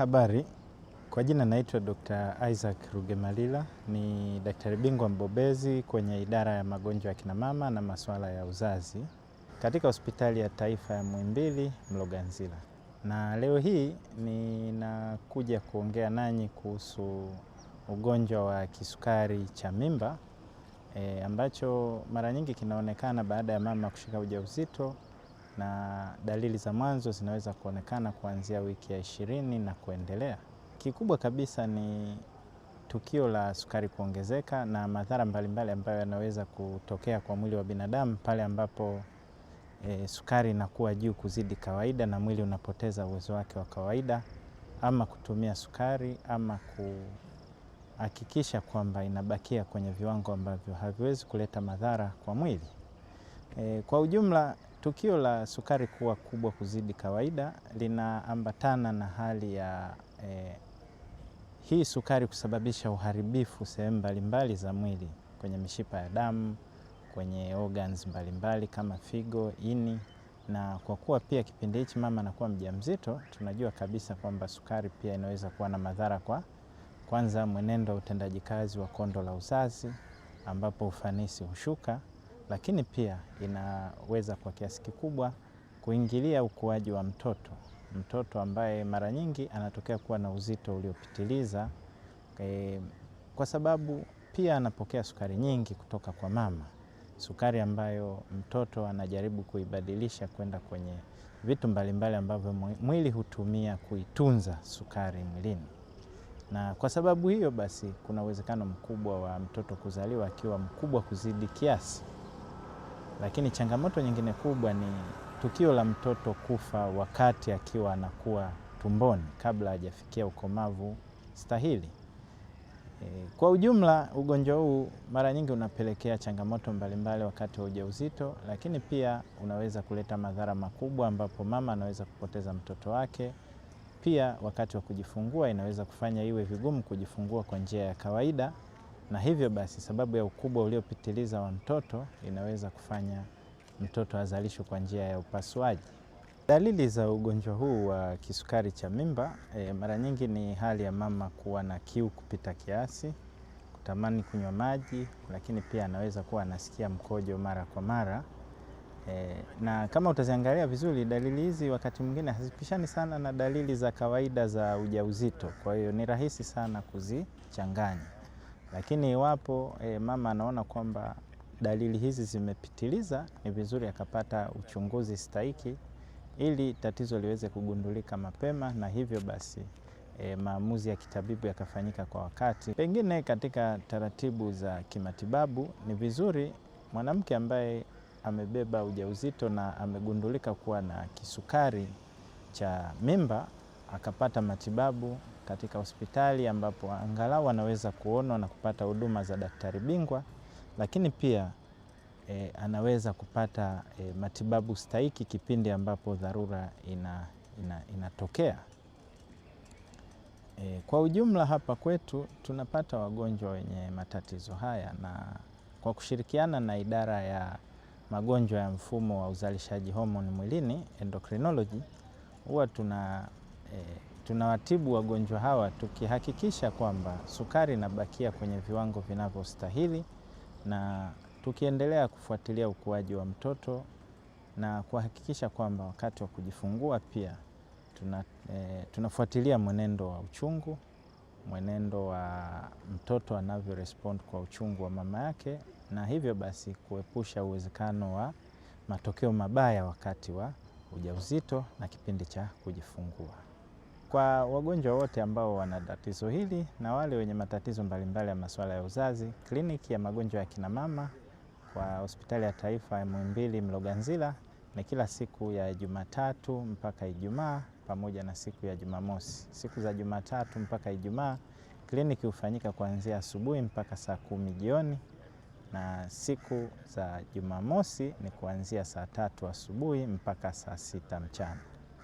Habari, kwa jina naitwa Dr. Isaac Rugemalila, ni daktari bingwa mbobezi kwenye idara ya magonjwa ya kinamama na masuala ya uzazi katika hospitali ya taifa ya Muhimbili Mloganzila, na leo hii ninakuja kuongea nanyi kuhusu ugonjwa wa kisukari cha mimba e, ambacho mara nyingi kinaonekana baada ya mama kushika ujauzito na dalili za mwanzo zinaweza kuonekana kuanzia wiki ya ishirini na kuendelea. Kikubwa kabisa ni tukio la sukari kuongezeka na madhara mbalimbali ambayo yanaweza kutokea kwa mwili wa binadamu pale ambapo e, sukari inakuwa juu kuzidi kawaida na mwili unapoteza uwezo wake wa kawaida, ama kutumia sukari ama kuhakikisha kwamba inabakia kwenye viwango ambavyo haviwezi kuleta madhara kwa mwili. E, kwa ujumla Tukio la sukari kuwa kubwa kuzidi kawaida linaambatana na hali ya eh, hii sukari kusababisha uharibifu sehemu mbalimbali za mwili, kwenye mishipa ya damu, kwenye organs mbalimbali kama figo, ini na kwa kuwa pia kipindi hichi mama anakuwa mjamzito, tunajua kabisa kwamba sukari pia inaweza kuwa na madhara kwa kwanza, mwenendo wa utendaji kazi wa kondo la uzazi ambapo ufanisi hushuka lakini pia inaweza kwa kiasi kikubwa kuingilia ukuaji wa mtoto, mtoto ambaye mara nyingi anatokea kuwa na uzito uliopitiliza e, kwa sababu pia anapokea sukari nyingi kutoka kwa mama, sukari ambayo mtoto anajaribu kuibadilisha kwenda kwenye vitu mbalimbali ambavyo mwili hutumia kuitunza sukari mwilini. Na kwa sababu hiyo basi kuna uwezekano mkubwa wa mtoto kuzaliwa akiwa mkubwa kuzidi kiasi. Lakini changamoto nyingine kubwa ni tukio la mtoto kufa wakati akiwa anakuwa tumboni kabla hajafikia ukomavu stahili. E, kwa ujumla ugonjwa huu mara nyingi unapelekea changamoto mbalimbali mbali wakati wa ujauzito, lakini pia unaweza kuleta madhara makubwa ambapo mama anaweza kupoteza mtoto wake. Pia wakati wa kujifungua inaweza kufanya iwe vigumu kujifungua kwa njia ya kawaida na hivyo basi sababu ya ukubwa uliopitiliza wa mtoto inaweza kufanya mtoto azalishwe kwa njia ya upasuaji. Dalili za ugonjwa huu wa kisukari cha mimba e, mara nyingi ni hali ya mama kuwa na kiu kupita kiasi, kutamani kunywa maji, lakini pia anaweza kuwa anasikia mkojo mara kwa mara. E, na kama utaziangalia vizuri dalili hizi wakati mwingine hazipishani sana na dalili za kawaida za ujauzito, kwa hiyo ni rahisi sana kuzichanganya. Lakini iwapo e, mama anaona kwamba dalili hizi zimepitiliza, ni vizuri akapata uchunguzi stahiki ili tatizo liweze kugundulika mapema na hivyo basi e, maamuzi ya kitabibu yakafanyika kwa wakati. Pengine katika taratibu za kimatibabu ni vizuri mwanamke ambaye amebeba ujauzito na amegundulika kuwa na kisukari cha mimba akapata matibabu katika hospitali ambapo angalau anaweza kuonwa na kupata huduma za daktari bingwa, lakini pia e, anaweza kupata e, matibabu stahiki kipindi ambapo dharura ina, ina, inatokea. E, kwa ujumla hapa kwetu tunapata wagonjwa wenye matatizo haya na kwa kushirikiana na idara ya magonjwa ya mfumo wa uzalishaji homoni mwilini endocrinology, huwa tuna E, tunawatibu wagonjwa hawa tukihakikisha kwamba sukari inabakia kwenye viwango vinavyostahili na tukiendelea kufuatilia ukuaji wa mtoto na kuhakikisha kwamba wakati wa kujifungua pia tuna, e, tunafuatilia mwenendo wa uchungu, mwenendo wa mtoto anavyo respond kwa uchungu wa mama yake, na hivyo basi kuepusha uwezekano wa matokeo mabaya wakati wa ujauzito na kipindi cha kujifungua kwa wagonjwa wote ambao wana tatizo hili na wale wenye matatizo mbalimbali ya masuala ya uzazi, kliniki ya magonjwa ya kinamama kwa hospitali ya taifa ya Muhimbili Mloganzila ni kila siku ya Jumatatu mpaka Ijumaa pamoja na siku ya Jumamosi. Siku za Jumatatu mpaka Ijumaa kliniki hufanyika kuanzia asubuhi mpaka saa kumi jioni na siku za Jumamosi ni kuanzia saa tatu asubuhi mpaka saa sita mchana.